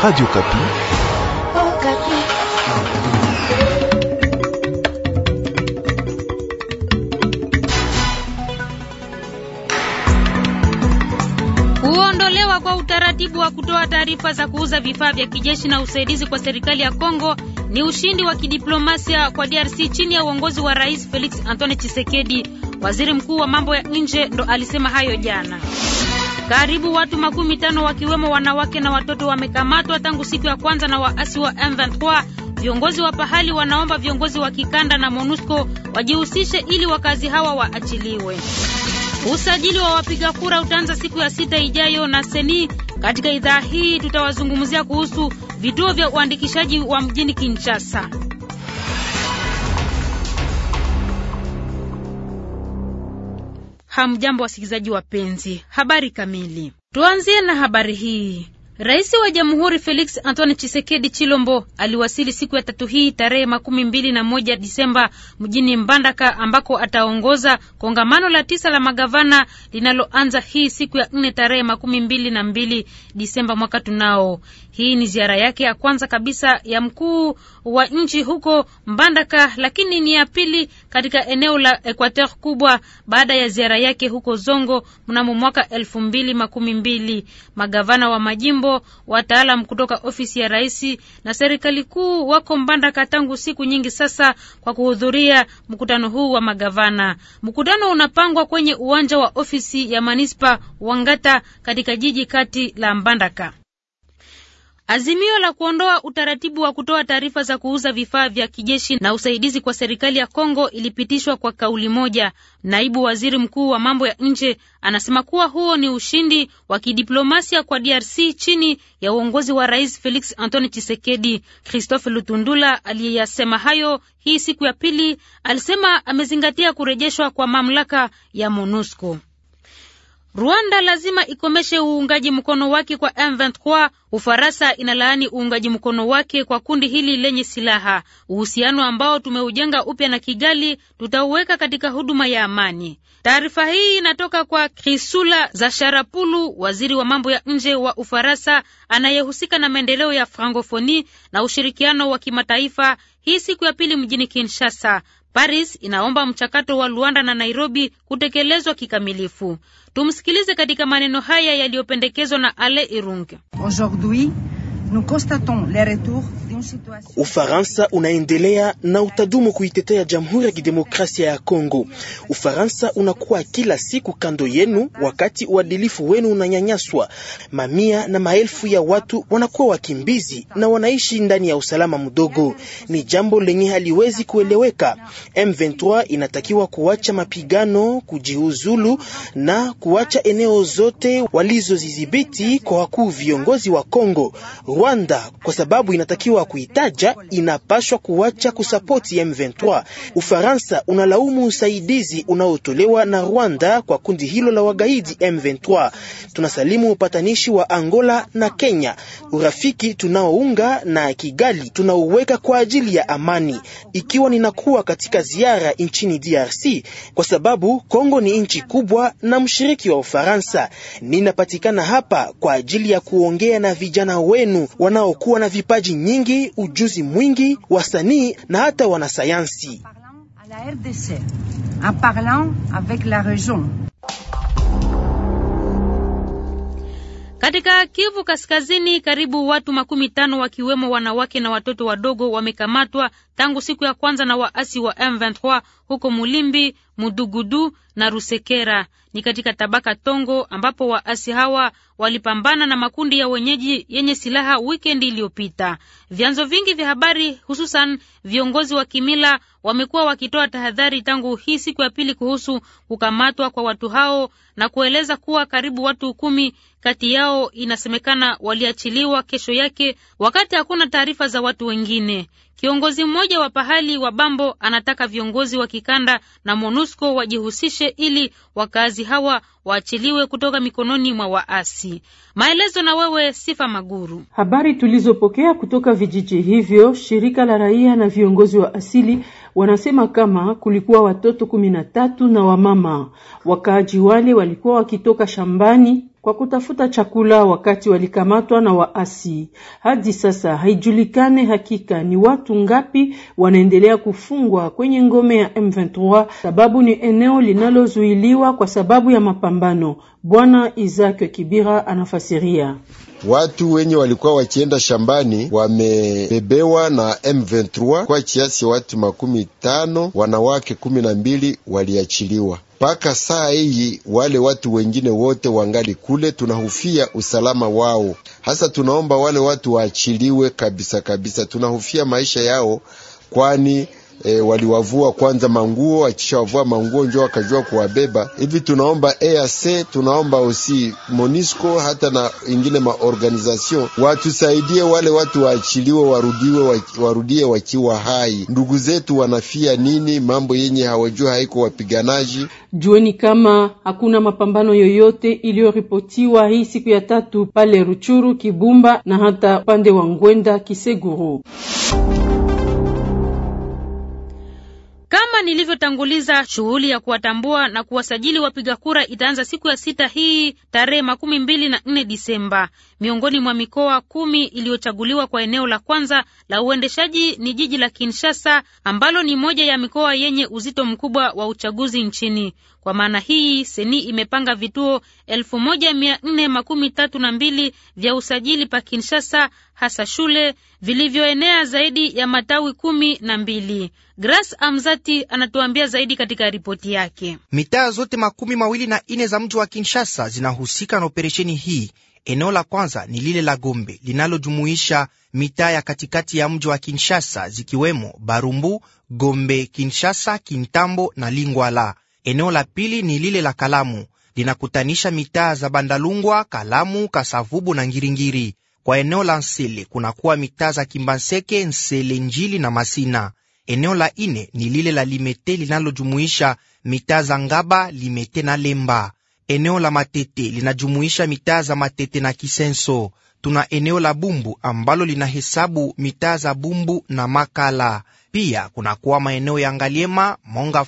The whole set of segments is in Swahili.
Radio Kapi. Oh, Kapi. Kuondolewa kwa utaratibu wa kutoa taarifa za kuuza vifaa vya kijeshi na usaidizi kwa serikali ya Kongo ni ushindi wa kidiplomasia kwa DRC chini ya uongozi wa Rais Felix Antoine Tshisekedi. Waziri Mkuu wa mambo ya nje ndo alisema hayo jana. Karibu watu makumi tano wakiwemo wanawake na watoto wamekamatwa tangu siku ya kwanza na waasi wa M23. Viongozi wa pahali wanaomba viongozi wa kikanda na MONUSCO wajihusishe ili wakazi hawa waachiliwe. Usajili wa wapiga kura utaanza siku ya sita ijayo na seni. Katika idhaa hii tutawazungumzia kuhusu vituo vya uandikishaji wa mjini Kinshasa. Hamjambo wasikilizaji wapenzi, habari kamili. Tuanzie na habari hii. Rais wa Jamhuri Felix Antoine Chisekedi Chilombo aliwasili siku ya tatu hii tarehe makumi mbili na moja Disemba mjini Mbandaka ambako ataongoza kongamano la tisa la magavana linaloanza hii siku ya nne tarehe makumi mbili na mbili Disemba mwaka tunao. Hii ni ziara yake ya kwanza kabisa ya mkuu wa nchi huko Mbandaka, lakini ni ya pili katika eneo la Equateur kubwa baada ya ziara yake huko Zongo mnamo mwaka elfu mbili makumi mbili. Magavana wa majimbo, wataalam kutoka ofisi ya rais na serikali kuu wako Mbandaka tangu siku nyingi sasa kwa kuhudhuria mkutano huu wa magavana. Mkutano unapangwa kwenye uwanja wa ofisi ya manispa Wangata katika jiji kati la Mbandaka. Azimio la kuondoa utaratibu wa kutoa taarifa za kuuza vifaa vya kijeshi na usaidizi kwa serikali ya Kongo ilipitishwa kwa kauli moja. Naibu waziri mkuu wa mambo ya nje anasema kuwa huo ni ushindi wa kidiplomasia kwa DRC chini ya uongozi wa Rais Felix Antoine Tshisekedi. Christophe Lutundula aliyeyasema hayo hii siku ya pili, alisema amezingatia kurejeshwa kwa mamlaka ya MONUSCO. Rwanda lazima ikomeshe uungaji mkono wake kwa M23. Ufaransa inalaani uungaji mkono wake kwa kundi hili lenye silaha. Uhusiano ambao tumeujenga upya na Kigali tutauweka katika huduma ya amani. Taarifa hii inatoka kwa Krisula za Sharapulu, waziri wa mambo ya nje wa Ufaransa anayehusika na maendeleo ya Frankofoni na ushirikiano wa kimataifa, hii siku ya pili mjini Kinshasa. Paris inaomba mchakato wa Luanda na Nairobi kutekelezwa kikamilifu. Tumsikilize katika maneno haya yaliyopendekezwa na Ale irung Aujourd'hui, nous constatons Ufaransa unaendelea na utadumu kuitetea Jamhuri ya Kidemokrasia ya Kongo. Ufaransa unakuwa kila siku kando yenu, wakati uadilifu wenu unanyanyaswa. Mamia na maelfu ya watu wanakuwa wakimbizi na wanaishi ndani ya usalama mdogo. Ni jambo lenye haliwezi kueleweka. M23 inatakiwa kuacha mapigano, kujiuzulu na kuacha eneo zote walizozidhibiti kwa wakuu viongozi wa Kongo, Rwanda, kwa sababu inatakiwa kuitaja inapaswa kuacha kusapoti M23. Ufaransa unalaumu usaidizi unaotolewa na Rwanda kwa kundi hilo la wagaidi M23. Tunasalimu upatanishi wa Angola na Kenya, urafiki tunaounga na Kigali tunauweka kwa ajili ya amani, ikiwa ninakuwa katika ziara nchini DRC kwa sababu Kongo ni nchi kubwa na mshiriki wa Ufaransa. Ninapatikana hapa kwa ajili ya kuongea na vijana wenu wanaokuwa na vipaji nyingi ujuzi mwingi, wasanii na hata wanasayansi. Katika Kivu Kaskazini, karibu watu makumi tano wakiwemo wanawake na watoto wadogo wamekamatwa tangu siku ya kwanza na waasi wa M23 huko Mulimbi, Mudugudu na Rusekera. Ni katika tabaka Tongo ambapo waasi hawa walipambana na makundi ya wenyeji yenye silaha wikendi iliyopita. Vyanzo vingi vya habari, hususan viongozi wa kimila, wamekuwa wakitoa tahadhari tangu hii siku ya pili kuhusu kukamatwa kwa watu hao na kueleza kuwa karibu watu kumi kati yao inasemekana waliachiliwa kesho yake, wakati hakuna taarifa za watu wengine. Kiongozi mmoja wa pahali wa Bambo anataka viongozi wa kikanda na MONUSCO wajihusishe ili wakazi hawa waachiliwe kutoka mikononi mwa waasi. Maelezo na wewe Sifa Maguru. Habari tulizopokea kutoka vijiji hivyo, shirika la raia na viongozi wa asili wanasema kama kulikuwa watoto kumi na tatu na wamama. Wakaaji wale walikuwa wakitoka shambani kwa kutafuta chakula wakati walikamatwa na waasi. Hadi sasa haijulikane hakika ni watu ngapi wanaendelea kufungwa kwenye ngome ya M23, sababu ni eneo linalozuiliwa kwa sababu ya mapambano. Bwana Isaac Kibira anafasiria. Watu wenye walikuwa wakienda shambani wamebebewa na M23 kwa kiasi watu makumi tano, wanawake kumi na mbili waliachiliwa. Mpaka saa hii wale watu wengine wote wangali kule, tunahufia usalama wao. Hasa tunaomba wale watu waachiliwe kabisa kabisa, tunahufia maisha yao, kwani e, waliwavua kwanza manguo, akishawavua manguo njo wakajua kuwabeba hivi. Tunaomba EAC, tunaomba osi Monisco hata na ingine maorganization watusaidie, wale watu waachiliwe, warudiwe, warudie wakiwa hai. Ndugu zetu wanafia nini? Mambo yenye hawajua haiko wapiganaji. Jueni kama hakuna mapambano yoyote iliyoripotiwa hii siku ya tatu pale Ruchuru, Kibumba na hata upande wa Ngwenda Kiseguru. nilivyotanguliza, shughuli ya kuwatambua na kuwasajili wapiga kura itaanza siku ya sita hii tarehe makumi mbili na nne Disemba. Miongoni mwa mikoa kumi iliyochaguliwa kwa eneo la kwanza la uendeshaji ni jiji la Kinshasa ambalo ni moja ya mikoa yenye uzito mkubwa wa uchaguzi nchini. Kwa maana hii Seni imepanga vituo elfu moja mia nne makumi tatu na mbili vya usajili pa Kinshasa, hasa shule vilivyoenea zaidi ya matawi kumi na mbili. gras Amzati anatuambia zaidi katika ripoti yake. Mitaa zote makumi mawili na nne za mji wa Kinshasa zinahusika na operesheni hii. Eneo la kwanza ni lile la Gombe linalojumuisha mitaa ya katikati ya mji wa Kinshasa zikiwemo Barumbu, Gombe, Kinshasa, Kintambo na Lingwala. Eneo la pili ni lile la Kalamu, linakutanisha mitaa za Bandalungwa, Kalamu, Kasavubu na Ngiringiri. Kwa eneo la Nsele kunakuwa mitaa za Kimbanseke, Nsele, Njili na Masina. Eneo la ine ni lile la Limete linalojumuisha mitaa za Ngaba, Limete na Lemba. Eneo la Matete linajumuisha mitaa za Matete na Kisenso. Tuna eneo la Bumbu ambalo linahesabu mitaa za Bumbu na Makala. Pia kunakuwa maeneo ya Ngaliema,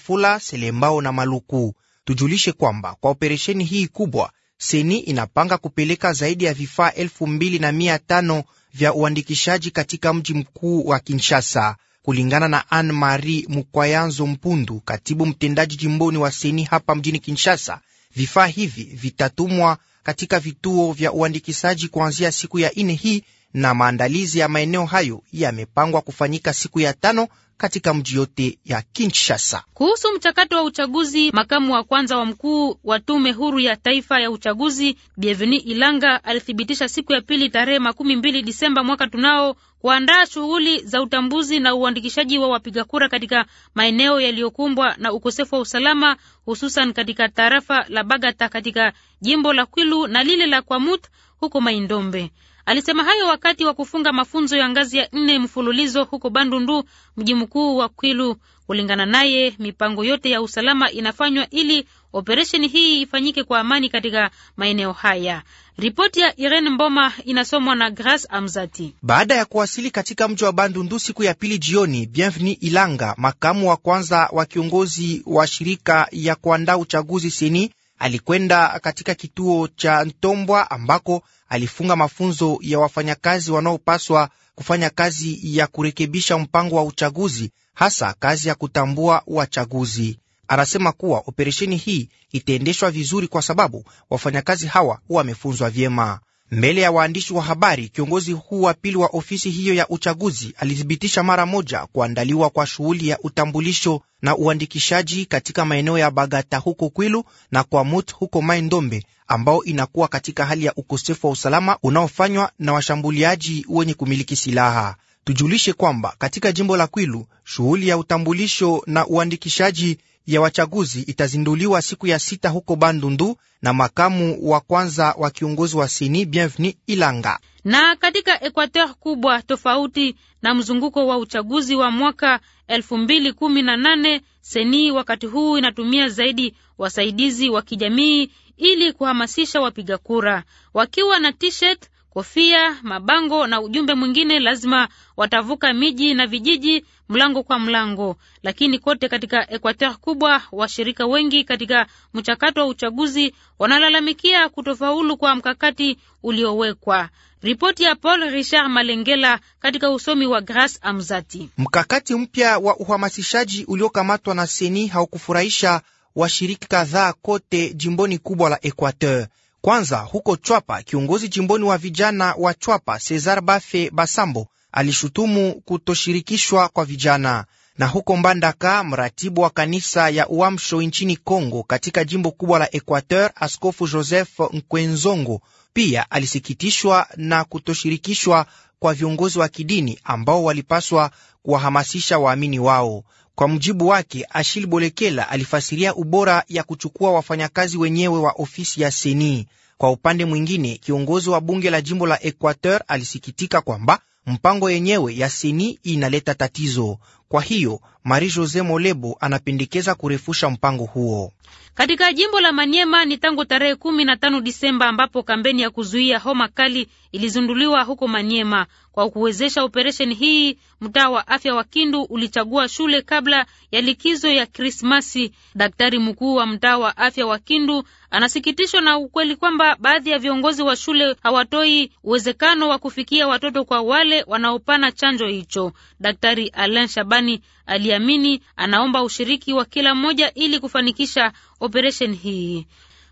fula Selembao na Maluku. Tujulishe kwamba kwa operesheni hii kubwa Seni inapanga kupeleka zaidi ya vifaa elfu mbili na mia tano vya uandikishaji katika mji mkuu wa Kinshasa. Kulingana na Anne Marie Mukwayanzo Mpundu, katibu mtendaji jimboni wa Seni hapa mjini Kinshasa, vifaa hivi vitatumwa katika vituo vya uandikishaji kuanzia siku ya ine hii na maandalizi ya maeneo hayo yamepangwa kufanyika siku ya tano katika mji yote ya Kinshasa. Kuhusu mchakato wa uchaguzi, makamu wa kwanza wa mkuu wa tume huru ya taifa ya uchaguzi Bienvenu Ilanga alithibitisha siku ya pili tarehe makumi mbili Disemba mwaka tunao kuandaa shughuli za utambuzi na uandikishaji wa wapiga kura katika maeneo yaliyokumbwa na ukosefu wa usalama hususan katika tarafa la Bagata katika jimbo la Kwilu na lile la Kwamut huko Maindombe. Alisema hayo wakati wa kufunga mafunzo ya ngazi ya nne mfululizo huko Bandundu, mji mkuu wa Kwilu. Kulingana naye, mipango yote ya usalama inafanywa ili operesheni hii ifanyike kwa amani katika maeneo haya. Ripoti ya Irene Mboma inasomwa na Grace Amzati. Baada ya kuwasili katika mji wa Bandundu siku ya pili jioni, Bienvenu Ilanga, makamu wa kwanza wa kiongozi wa shirika ya kuandaa uchaguzi seni alikwenda katika kituo cha Ntombwa ambako alifunga mafunzo ya wafanyakazi wanaopaswa kufanya kazi ya kurekebisha mpango wa uchaguzi, hasa kazi ya kutambua wachaguzi. Anasema kuwa operesheni hii itaendeshwa vizuri kwa sababu wafanyakazi hawa wamefunzwa vyema. Mbele ya waandishi wa habari, kiongozi huu wa pili wa ofisi hiyo ya uchaguzi alithibitisha mara moja kuandaliwa kwa shughuli ya utambulisho na uandikishaji katika maeneo ya Bagata huko Kwilu na kwa Mut huko Mai Ndombe, ambao inakuwa katika hali ya ukosefu wa usalama unaofanywa na washambuliaji wenye kumiliki silaha. Tujulishe kwamba katika jimbo la Kwilu shughuli ya utambulisho na uandikishaji ya wachaguzi itazinduliwa siku ya sita huko Bandundu na makamu wa kwanza wa kiongozi wa sini Bienvenu Ilanga. Na katika equateur kubwa tofauti na mzunguko wa uchaguzi wa mwaka elfu mbili kumi na nane, seni wakati huu inatumia zaidi wasaidizi wa kijamii ili kuhamasisha wapiga kura wakiwa na t-shirt kofia, mabango na ujumbe mwingine lazima watavuka miji na vijiji mlango kwa mlango. Lakini kote katika equateur kubwa, washirika wengi katika mchakato wa uchaguzi wanalalamikia kutofaulu kwa mkakati uliowekwa. Ripoti ya Paul Richard Malengela katika usomi wa Grace Amzati. Mkakati mpya wa uhamasishaji uliokamatwa na Seni haukufurahisha washiriki kadhaa kote jimboni kubwa la equateur kwanza huko Chwapa, kiongozi jimboni wa vijana wa Chwapa Cesar Bafe Basambo alishutumu kutoshirikishwa kwa vijana. Na huko Mbandaka, mratibu wa kanisa ya Uamsho nchini congo katika jimbo kubwa la Equateur, Askofu Joseph Nkwenzongo pia alisikitishwa na kutoshirikishwa kwa viongozi wa kidini ambao walipaswa kuwahamasisha waamini wao. Kwa mujibu wake, Ashil Bolekela alifasiria ubora ya kuchukua wafanyakazi wenyewe wa ofisi ya Seni. Kwa upande mwingine, kiongozi wa bunge la jimbo la Equateur alisikitika kwamba mpango yenyewe ya Seni inaleta tatizo. Kwa hiyo Marie Jose Molebo anapendekeza kurefusha mpango huo katika jimbo la manyema Ni tangu tarehe kumi na tano Disemba ambapo kampeni ya kuzuia homa kali ilizunduliwa huko manyema Kwa kuwezesha operesheni hii, mtaa wa afya wa Kindu ulichagua shule kabla ya likizo ya Krismasi. Daktari mkuu wa mtaa wa afya wa Kindu anasikitishwa na ukweli kwamba baadhi ya viongozi wa shule hawatoi uwezekano wa kufikia watoto kwa wale wanaopana chanjo hicho. Daktari Alan Shaban kwani aliamini anaomba ushiriki wa kila mmoja ili kufanikisha operesheni hii.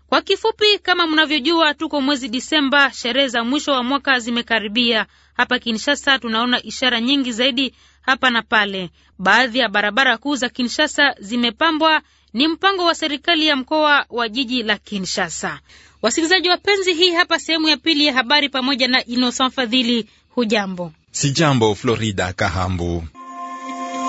Kwa kifupi, kama mnavyojua, tuko mwezi Disemba, sherehe za mwisho wa mwaka zimekaribia. Hapa Kinshasa tunaona ishara nyingi zaidi hapa na pale. Baadhi ya barabara kuu za Kinshasa zimepambwa. Ni mpango wa serikali ya mkoa wa jiji la Kinshasa. Wasikilizaji wapenzi, hii hapa sehemu ya pili ya habari pamoja na Inosan Fadhili. Hujambo, si jambo, Florida Kahambu.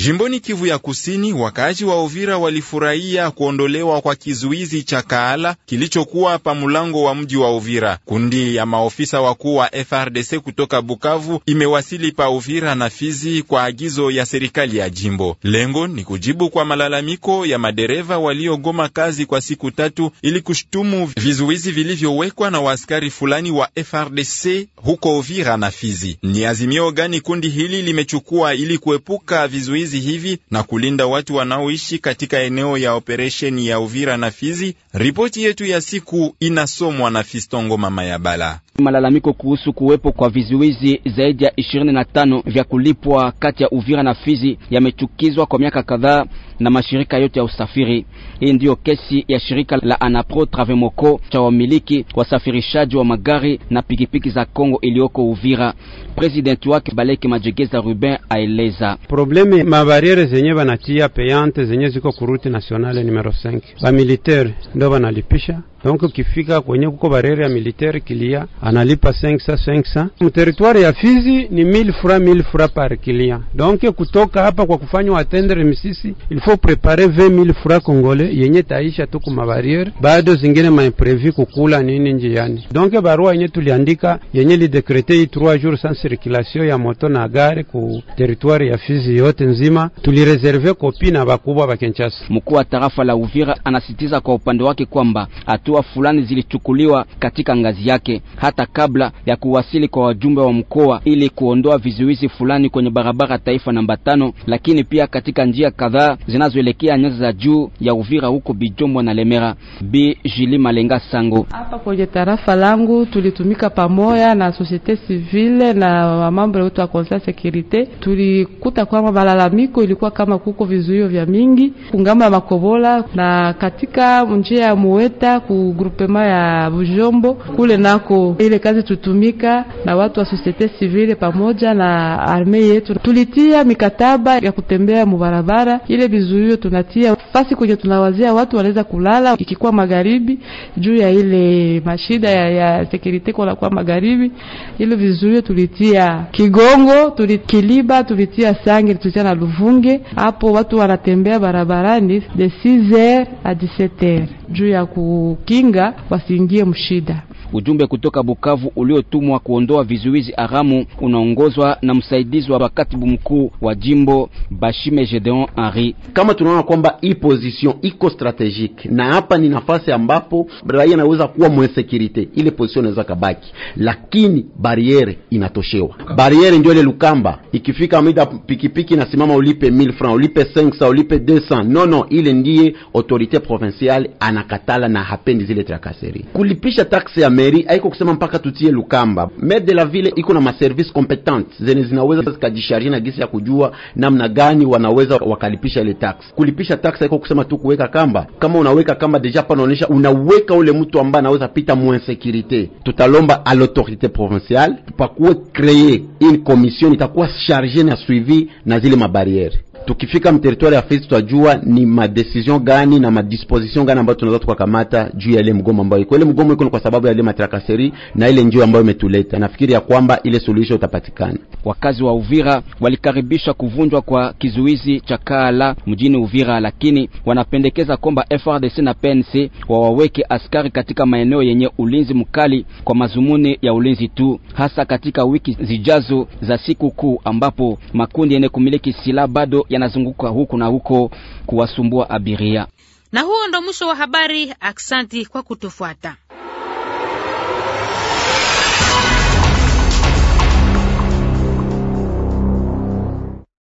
Jimboni Kivu ya Kusini, wakaaji wa Uvira walifurahia kuondolewa kwa kizuizi cha Kaala kilichokuwa pa mlango wa mji wa Uvira. Kundi ya maofisa wakuu wa FRDC kutoka Bukavu imewasili pa Uvira na Fizi kwa agizo ya serikali ya jimbo. Lengo ni kujibu kwa malalamiko ya madereva waliogoma kazi kwa siku tatu ili kushutumu vizuizi vilivyowekwa na waaskari fulani wa FRDC huko Uvira na Fizi. Ni azimio gani kundi hili limechukua ili kuepuka vizuizi vizuizi hivi na kulinda watu wanaoishi katika eneo ya operesheni ya Uvira na Fizi. Ripoti yetu ya siku inasomwa na Fistongo Mama ya Bala. Malalamiko kuhusu kuwepo kwa vizuizi zaidi ya 25 vya kulipwa kati ya Uvira na Fizi yamechukizwa kwa miaka kadhaa na mashirika yote ya usafiri. Hii ndiyo kesi ya shirika la Anapro Travemoco cha wamiliki wasafirishaji wa magari na pikipiki za Kongo iliyoko Uvira. Presidenti wake Baleke Majegeza Ruben aeleza probleme ma kuna bariere zenye banatia payante zenye ziko kuruti nationale numero 5 bamilitere ndo banalipisha donc ukifika kwenye kuko barere ya militaire kilia analipa 500 500. Mteritwari ya Fizi ni 1000 fra 1000 fra par kilia, donc kutoka hapa kwa kufanya atendere misisi ilifo prepare 20000 fra kongole yenye taisha tu kuma barriere, bado zingine ma kukula nini njiani. Donc barua yenye tuliandika yenye li décréter 3 jours sans circulation ya moto na gari ku teritwari ya Fizi yote nzima, tulireserve kopi na bakubwa ba Kinshasa. Mkuu wa tarafa la Uvira anasitiza kwa upande wake kwamba atu hatua fulani zilichukuliwa katika ngazi yake hata kabla ya kuwasili kwa wajumbe wa mkoa ili kuondoa vizuizi fulani kwenye barabara taifa namba tano, lakini pia katika njia kadhaa zinazoelekea nyanza za juu ya Uvira huko Bijombo na Lemera. b Jili Malenga Sango: hapa kwenye tarafa langu tulitumika pamoja na societe civile na ya wetu wa Conseil Securite, tulikuta kwamba malalamiko ilikuwa kama kuko vizuio vya mingi kungama ya Makobola na katika njia ya Muweta ku groupement ya Bujombo kule nako ile kazi tutumika na watu wa societe civile pamoja na arme yetu, tulitia mikataba ya kutembea mubarabara. Ile vizuio tunatia fasi kwenye tunawazia watu wanaweza kulala ikikuwa magharibi, juu ya ile mashida ya, ya security kwa kwa magharibi. Ile vizuio tulitia Kigongo, tulikiliba, tulitia Sange, tulitia na Luvunge, hapo watu wanatembea barabarani de 6h a 17h juu ya kukinga wasiingie mshida. Ujumbe kutoka Bukavu uliotumwa kuondoa vizuizi haramu unaongozwa na msaidizi wa katibu mkuu wa jimbo Bashime Gedeon Henri. Kama tunaona kwamba hii position iko strategique na hapa ni nafasi ambapo raia anaweza kuwa mwensekurite, ile position inaweza kabaki, lakini bariere inatoshewa. Bariere ndio ile lukamba, ikifika mida pikipiki nasimama, ulipe 1000 francs, ulipe 500, ulipe 200. No, no, ile ndiye autorite provinciale anakatala na hapendi zile trakaseri kulipisha taksi ya meri haiko kusema mpaka tutie lukamba. Maire de la ville iko na maservice competente zenye zinaweza zikajisharge na gisi ya kujua namna gani wanaweza wakalipisha ile tax. Kulipisha tax haiko kusema tu kuweka kamba. Kama unaweka kamba deja panaonyesha unaweka ule mtu ambaye anaweza pita mu insécurité. Tutalomba a l'autorité provinciale pakuwe créer une commission itakuwa chargée na suivi na zile mabariere tukifika mteritori ya Fizi tutajua ni madesizion gani na madisposition gani ambayo tunaweza tukakamata juu ya ile mgomo ambayo iko. Ile mgomo iko kwa sababu ya ile matrakaseri na ile njio ambayo imetuleta. Nafikiri ya kwamba ile suluhisho itapatikana. Wakazi wa Uvira walikaribisha kuvunjwa kwa kizuizi cha Kala mjini Uvira, lakini wanapendekeza kwamba FRDC na PNC wawaweke askari katika maeneo yenye ulinzi mkali kwa mazumuni ya ulinzi tu, hasa katika wiki zijazo za siku kuu ambapo makundi yenye kumiliki silaha bado yanazunguka huku na huko kuwasumbua abiria. Na huo ndo mwisho wa habari. Aksanti kwa kutufuata.